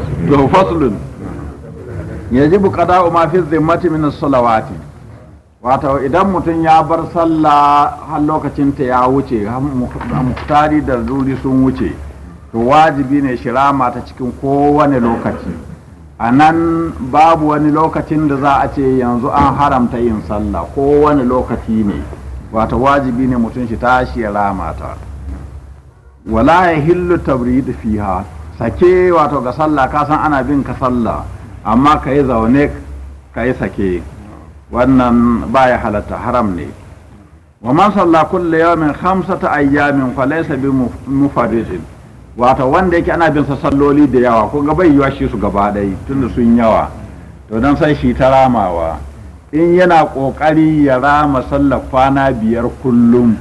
to faslun yajibu qada'u ma fi zimmati min salawati wato idan mutum ya bar sallah har lokacin ta ya wuce muhtari da ruri sun wuce to wajibi ne shirama ta cikin kowane lokaci a nan babu wani lokacin da za a ce yanzu an haramta yin sallah kowane lokaci ne wato wajibi ne mutum shi tashi ya rama ta wala ya hillu tabridu fiha sake wato ga sallah ka san ana bin ka sallah amma ka yi zaune ka yi sake wannan baya halatta haram ne wa man salla kulli yawmin khamsata ayyamin fa laysa bi mufarrijin wato wanda yake ana bin sa salloli da yawa ko ga bai yiwa shi su gaba dai tunda sun yawa to dan sai shi ta ramawa in yana kokari ya rama sallar kwana biyar kullum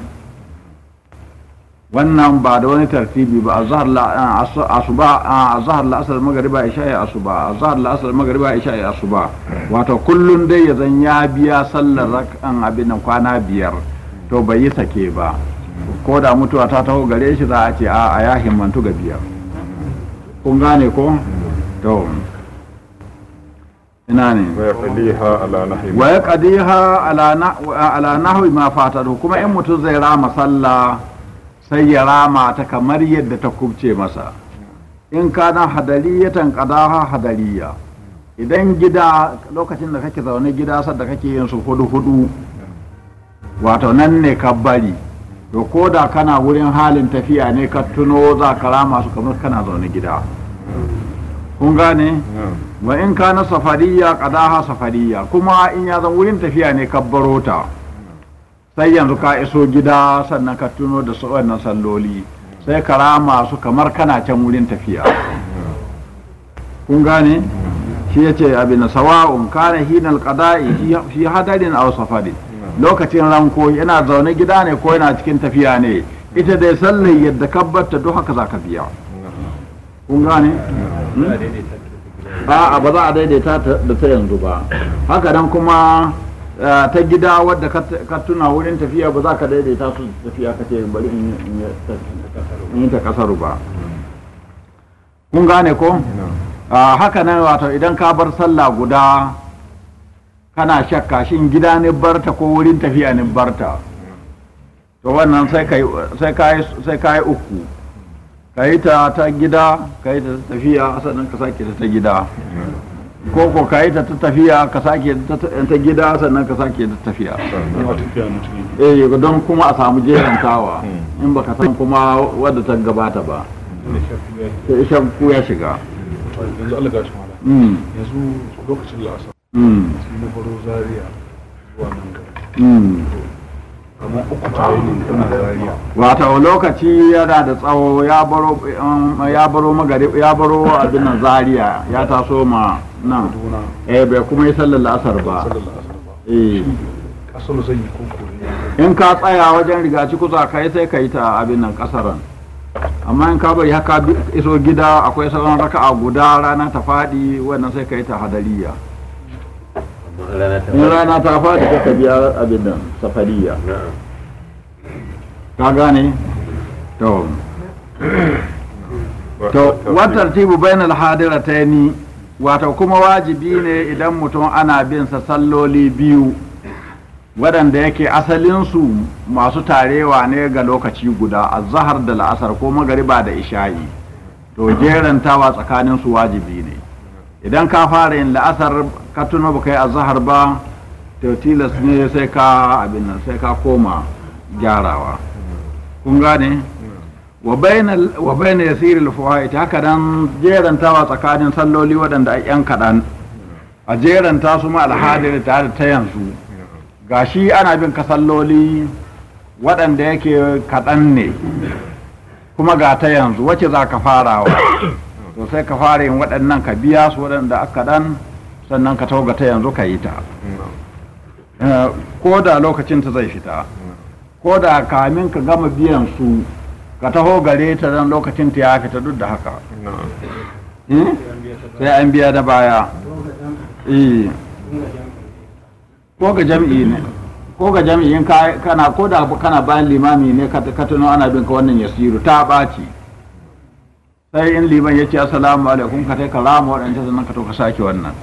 wannan ba da wani tartibi ba azhar asuba azhar la'asar magriba isha'i asuba azhar la'asar magriba isha'i asuba wato kullum dai ya zan ya biya sallar rak'an abin kwana biyar to bai yi sake ba ko da mutuwa ta taho gare shi za a ce a ya himmantu ga biyar kun gane ko to ina ne wa ya ha ala nahu ma fatar kuma in mutum zai rama sallah sai ya rama ta kamar yadda ta kubce masa in kana hadariyatan qadaha hadariya idan gida lokacin da kake zaune gida sadda kake yin su hudu hudu wato nan ne ka bari to ko da kana wurin halin tafiya ne ka tuno za ka rama su kamar kana zaune gida kun gane wa in kana safariya ha safariya kuma in ya zan wurin tafiya ne ka baro ta sai yanzu ka iso gida sannan ka tuno da su wannan salloli sai ka rama su kamar kana can wurin tafiya kun gane shi ya ce abin sawa'un kana hinal qada'i shi hadarin aw safari lokacin ranko yana zaune gida ne ko yana cikin tafiya ne ita dai sallai yadda kabbata duk haka za ka biya kun gane hmm? a'a ba za a daidaita da ta yanzu ba haka dan kuma Eh, ta gida wadda ka tuna wurin tafiya ba za ka daidaita su tafiya ka ce bari in yi ta kasaru ba kun gane ko ah, haka nan wato idan ka bar sallah guda kana shakka shin gida ne barta ko wurin tafiya ne barta to wannan sai ka yi uku ka yi ta gida ka yi ta tafiya sannan ka sake ta gida Koko ka yi ta tafiya ka sake ta gida sannan ka sake ta tafiya eh don kuma a samu jerantawa hmm. in ba baka san kuma wadda ta gabata ba sai eh, ku ya shiga yanzu Allah gashi mala hmm. yanzu lokacin la'asar hmm. sai na baro zaria zuwa nan gaba. gari wato lokaci yana da tsawo ya baro um, ya baro abin nan zaria ya taso ma na eh bai kuma yi sallar la'asar ba eh kasar zan yi in ka tsaya wajen rigaci kusa ka yi sai ka yi ta abin nan kasaran amma in ka bari haka iso gida akwai sauran a guda rana ta faɗi wannan sai ka yi ta hadariya in rana ta faɗi ka biya abin nan safariya ka gane to to wata tibu bainal ni wato kuma wajibi ne idan mutum ana bin sa salloli biyu waɗanda yake asalinsu masu tarewa ne ga lokaci guda a zahar da la'asar ko magariba da isha'i to tsakanin tsakaninsu wajibi ne idan ka fara yin la'asar ka tuno ba kai a zahar ba to tilas ne sai ka abin sai ka koma gyarawa kun gane wa na yasir lufuwa ita haka don jeranta jerantawa tsakanin salloli waɗanda a yan kaɗan a jeranta su ma ta da ta yanzu ga shi ana bin ka salloli waɗanda yake kaɗan ne kuma ga ta yanzu wace za ka farawa to sai ka fara yin waɗannan ka biya su waɗanda aka ɗan sannan ka tauga ta yanzu ka yi ta ko da lokacin ta zai fita ko da kamin ka gama biyan su ka taho gare ta zan lokacin ta ya fita duk da haka hmm? sai an biya da baya eh. ko ga jam'i ne ko ga kana ko da kana bayan limami ne ka tuno ana bin ka wannan yasiru ta ɓaci sai in liman ya ce assalamu alaikum ka kai kalama waɗanda sannan ka to ka sake wannan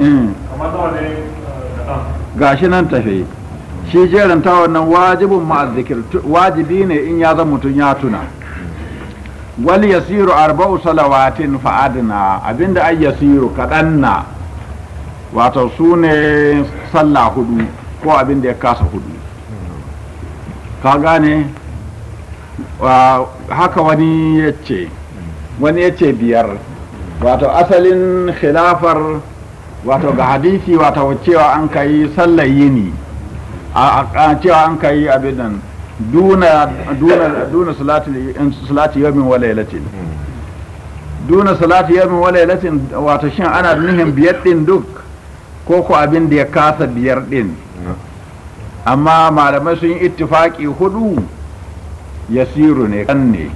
hmm. eh, gashi nan tafi shi jeranta wannan wajibin ma'azikir wajibi ne in ya zan mutum ya tuna wal yasiru arba'u salawatin fa'adna abinda ay yasiru kadan na wato sune sallah hudu ko abinda ya kasa hudu ka gane haka wani yace wani yace biyar wato asalin khilafar wato ga hadisi wato cewa an kai sallar yini a cewa an kai abin nan duna duna duna salati salati yawmin wa Salatu duna salati yawmin wa Lailatin wato shin ana nihin biyar din duk ko ko abin da ya kasa biyar din amma malamai sun yi ittifaki hudu yasiru ne kan ne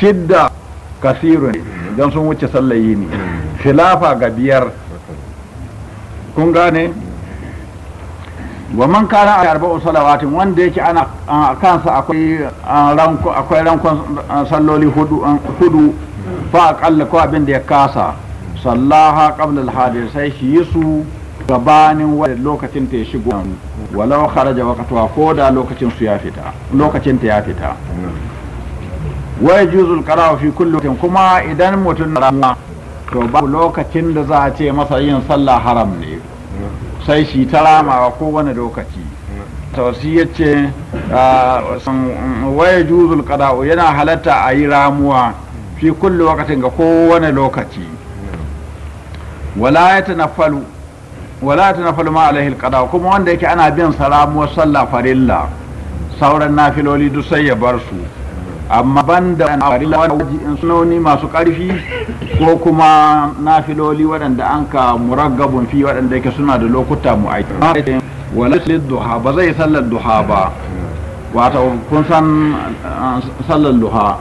shidda kasiru ne don sun wuce sallayi ne Filafa ga biyar kun gane wa man kana a arba'u salawatin wanda yake ana kansa akwai ranko akwai rankon salloli hudu fa aqalla ko abin da ya kasa sallaha qabla al-hadir sai shi yi su gabanin wani lokacin ta ya shigo walau kharaja waqtuha ko da lokacin su ya fita lokacin ta ya fita wa yajuzu al-qara'u fi kulli kuma idan mutum rama to ba lokacin da za a ce masa yin sallah haram ne sai shi ta rama ramawa kowane lokaci tausi ya ce ah, waya juzul kada'u yana halatta a yi ramuwa fi kulle wakatin ga kowane lokaci wala ya tanafalu ma alaihi kuma wanda yake ana biyan sa ramuwar sallah farilla sauran nafiloli duk sai ya bar su amma ban da farila wajibin sunoni masu ƙarfi ko kuma na filoli waɗanda an ka muraggabun fi waɗanda yake suna da lokuta mu aiki wala duha ba zai sallar duha ba wata kun san eh, sallar duha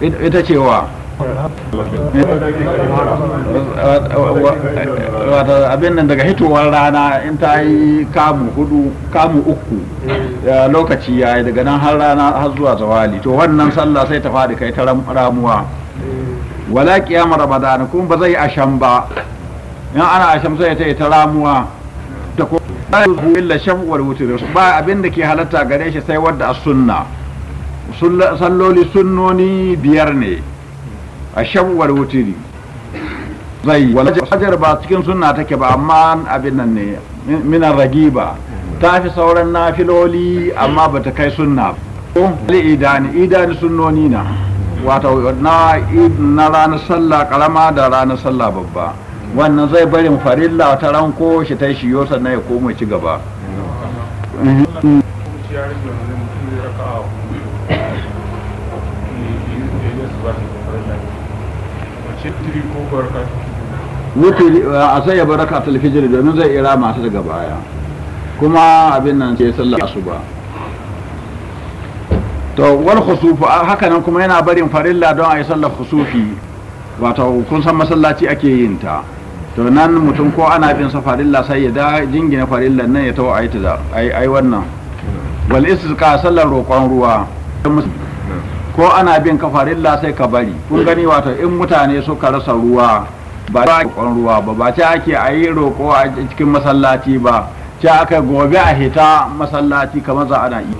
ita cewa wata abin nan daga hitowar rana in ta yi kamu hudu kamu uku lokaci ya yi daga nan har rana har zuwa zawali to wannan sallah sai ta faɗi kai ta ramuwa wala kiyama ramadana kuma ba zai asham ba in ana asham sai ta yi ta ramuwa da ko illa wal wutur ba abin da ke halatta gare shi sai wadda as sunna salloli sunnoni biyar ne a wal wutur zai wala hajar ba cikin sunna take ba amma abin nan ne minan ragiba ta fi sauran nafiloli amma ba ta kai sunna ba idani idani sunnoni na wato na na ranar sallah karama da ranar sallah babba wannan zai barin farilla ta ranko shi ta shi shiyo sannan ya koma ci gaba wutiri a sai ya baraka talfijir domin zai ira masu daga baya kuma abin nan ke sallah asuba to wal khusufu haka nan kuma yana barin farilla don a yi sallar khusufi wato kun san masallaci ake yin ta to nan mutum ko ana bin sa farilla sai ya da jingina farilla nan ya tawo ayi ta ai ai wannan wal istisqa sallar roƙon ruwa ko ana bin ka farilla sai ka bari kun gani wato in mutane suka rasa ruwa ba roƙon ruwa ba ba ce ake ayi roƙo a cikin masallaci ba ce aka gobe a hita masallaci kamar za ana yi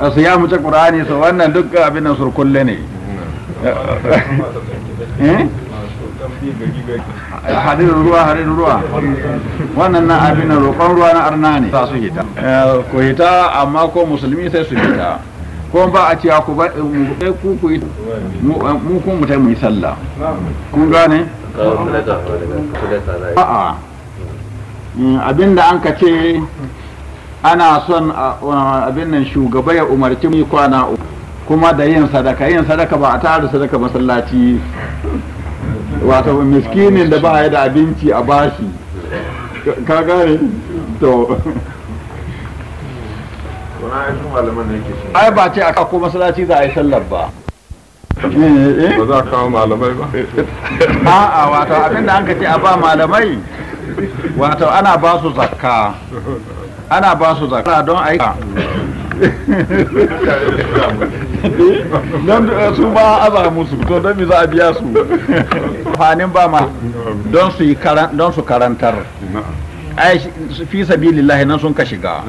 a ya muce ƙur'ani su wannan duk abin nan surkulle ne Harin eh? eh? ruwa harin ruwa wannan na abin nan roƙon ruwa na arna ne sa su hita eh, ku hita amma ko musulmi sai su hita ko ba a cewa ku ba ku ku mu ku mu ta mu yi sallah kun gane a'a Mm, abinda an ka ce ana son abin nan shugaba ya umarci mu kwana kuma da yin sadaka yin sadaka ba a tare sadaka masallaci wato miskinin da ba ya da abinci a bashi ka gane to ai ba ce aka ko masallaci za a yi sallar ba ba za a kawo malamai ba a'a wato abinda an ka ce a ba malamai wato ana ba su zakka ana ba su zakka don aika don eh, su ba aza musu to don mi za a biya su fanin ba ma don su don su karantar ai fi sabilillahi nan sun ka shiga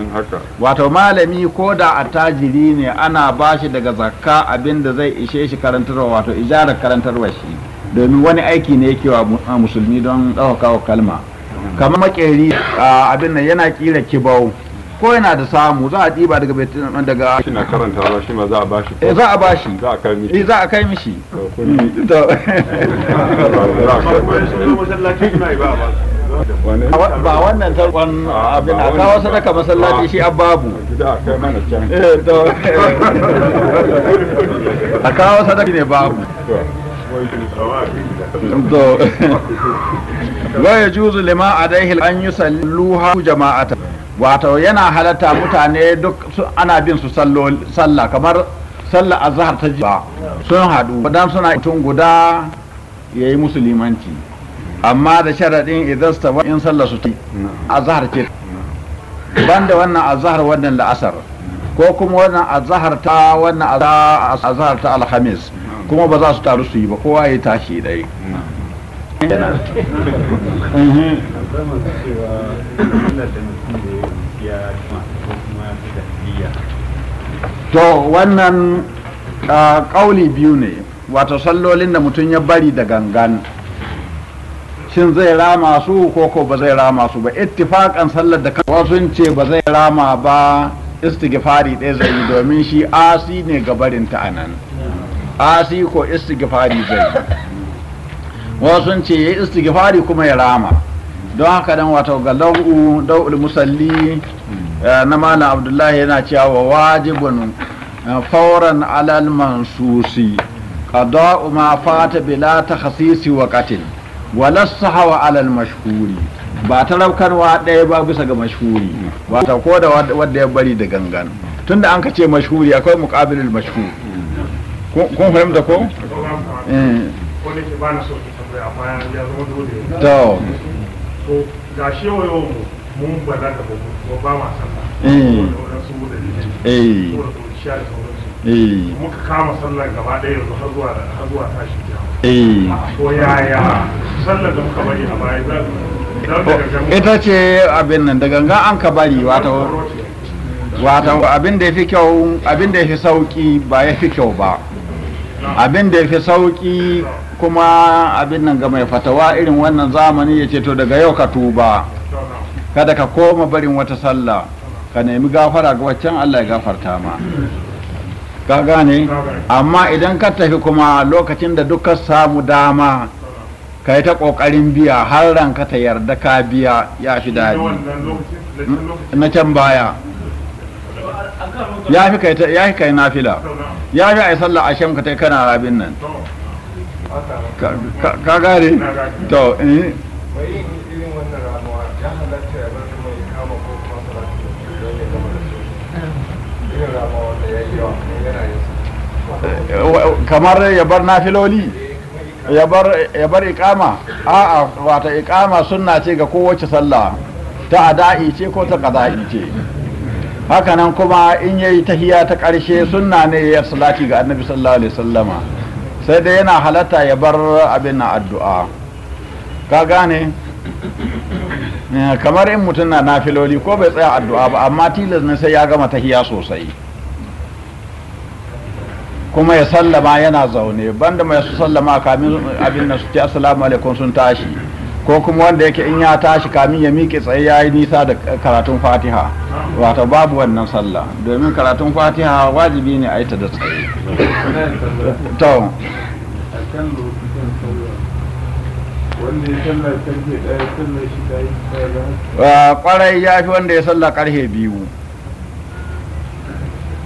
wato malami ko da attajiri ne ana ba shi daga zakka abinda zai ishe shi karantarwa wato ijarar karantarwa shi domin wani aiki ne yake wa musulmi don ɗaukawa kalma kamar makeri abin nan yana kira kibau ko yana da samu za a diba daga daga shi na karanta ba shi ma za a bashi eh za a bashi za a kai mishi eh, za a kai mishi to ba wannan tarkon abin eh, a kawo sadaka masallaci shi ababu a kawo sadaka ne babu wa ya juzu lima a daihil an yi salluha jama'ata wato yana halatta mutane duk ana bin su sallah kamar sallah zahar ta jiba sun haɗu dan suna mutum guda ya yi musulmanci amma da sharaɗin idan stawa in salla su ci zahar ce banda wannan azhar wannan la'asar ko kuma wannan azhar ta wannan azhar ta alhamis kuma ba za su taru su yi ba kowa ya tashi dai to wannan ƙauli biyu ne wato sallolin da mutum ya bari da gangan shin zai rama su ko ko ba zai rama su ba ittifakan sallar da kan Wasu ce ba zai rama ba istighfari ɗaya zai yi domin shi asi ne barinta a nan asi ko istighfari zai wasu ce ya istighfari kuma ya rama don haka dan wato ga lau'u dau'ul musalli eh, na malam abdullahi yana cewa wajibun eh, fauran alal mansusi qada'u ma fata bila takhsisi wa qatl wala alal mashhuri ba talaukarwa ɗaya ba bisa ga mashhuri ba ta ko da wanda ya bari da gangan tunda an ka ce mashhuri akwai muqabilul mashhur kun fahimta ko? A ke ba so ki to ga shi yau mun balaga ba ba ma sallah muka kama sallar gaba daya yanzu har zuwa har zuwa tashi ko ya sallar da muka bari a baya za ita ce abin nan da ganga an ka bari wata wata abin da ya fi kyau abin da ya fi sauki ba ya fi kyau ba abin da ya fi sauƙi kuma abin nan ga mai fatawa irin wannan zamani ya ce to daga yau ka tuba kada ka koma barin wata sallah ka nemi gafara ga waccan Allah ya gafarta ma ka gane amma idan ka tafi kuma lokacin da duka samu dama ka yi ta ƙoƙarin biya har ranka ta yarda ka biya ya fi daɗi na can baya ya fi kai ya fi kai nafila ya fi ai sallah asham ka tai kana rabin nan ka gare to eh, eh kamar ya bar nafiloli ya bar ikama a'a wata ikama sunna ce ga kowace sallah ta ada'i ce ko ta qada'i ce hakanan kuma in yayi tahiya ta karshe sunna ne ya salati ga annabi sallallahu alaihi wasallama sai dai yana halatta ya bar abin na addu'a ka gane eh, kamar in mutum na nafiloli ko bai tsaya addu'a ba amma tilas ne sai ya gama tahiya sosai kuma ya sallama yana zaune banda mai su sallama kamin abin na su ce assalamu alaikum sun tashi ko kuma wanda yake in ya tashi kamin ya miƙe tsaye ya yi nisa da karatun fatiha wata babu wannan sallah domin karatun fatiha wajibi ne a yi ta da tsaye kwarai ya fi wanda ya sallah karhe biyu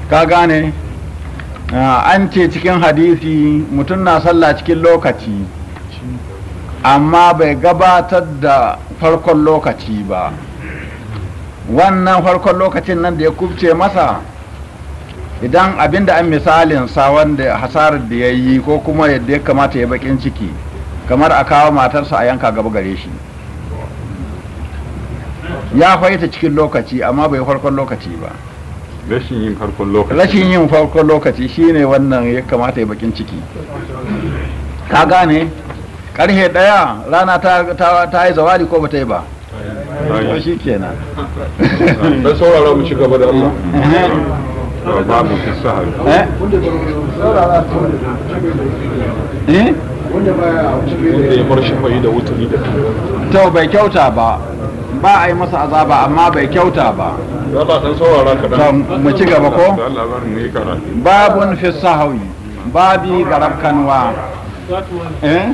ka gane ah, an ce cikin hadisi mutum na sallah cikin lokaci amma bai gabatar da farkon lokaci ba wannan farkon lokacin nan da ya kubce masa idan abinda an misalin sa wanda hasarar da ya yi ko kuma yadda ya kamata ya bakin ciki kamar a kawo matarsa a yanka gaba gare shi ya faita cikin lokaci amma bai farkon lokaci ba rashin yin farkon lokaci rashin yin farkon lokaci shine wannan ya kamata ya bakin ciki ka gane karhe daya rana ta yi zawali ko ba ta yi ba shi shi kenan ɗan saurara mu ci gaba da Allah mu fi eh? eh? wanda ya bar shafa'i da wuturi da Tau bai kyauta ba ba a yi masa azaba amma bai kyauta ba mu ci gaba ko babun fi sahawi babi garabkanwa eh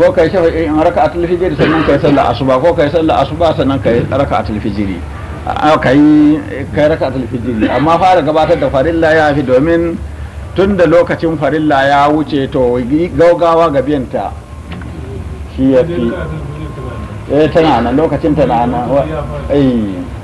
ko kai shafa in raka'atul fijr sannan kai sallar asuba ko kai sallar asuba sannan kai raka'atul fijr kai kai raka'atul fijr amma fara gabatar da farilla ya fi domin tun da lokacin farilla ya wuce to gaugawa ga biyanta shi ya fi eh tana nan lokacin tana nan eh